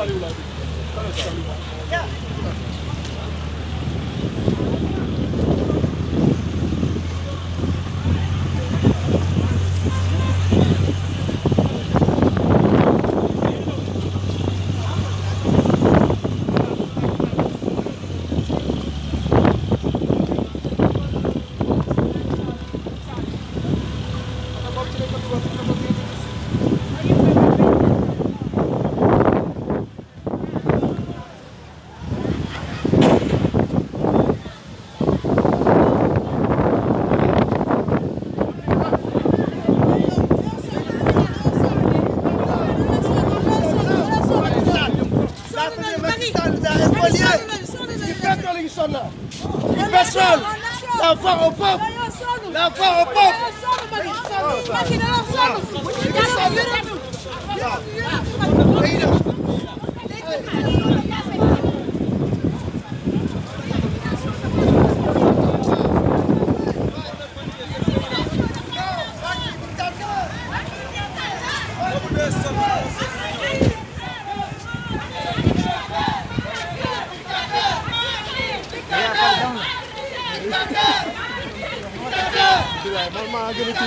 Saliou laa dégg écoliers qui pétrole yi ñu sonn la. qui pétrole la foi au peuple la foi au peuple. Let's go. man maa gën a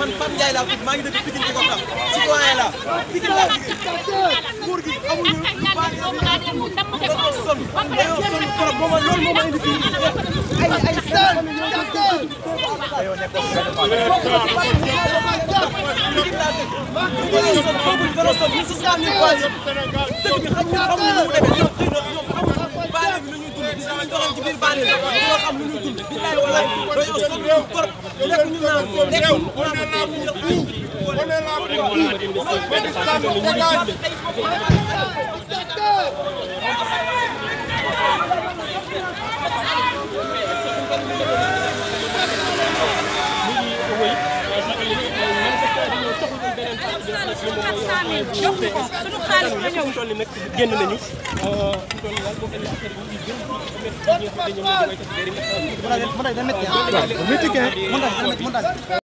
man Pape Ndiaye laa tudd maa ngi dëkk Pikine Ikopa citoyen laa Pikine laa jigéen nguur gi amuñu lu baax dañoo sonn dañoo sonn trop moom loolu moo ma indi fii ay ay Pikine laa dëkk dañoo sonn bis bu ñu doxal ci biir bànn la ñoo xam lu ñuy dund billaay walaay dañoo sonn ñu torop lekk ñu naan lekk mu naan ma ñu jox ay suñu 400000 yokku ko suñu xaalis la ñëw. toll nag génn nañu. toll daal boo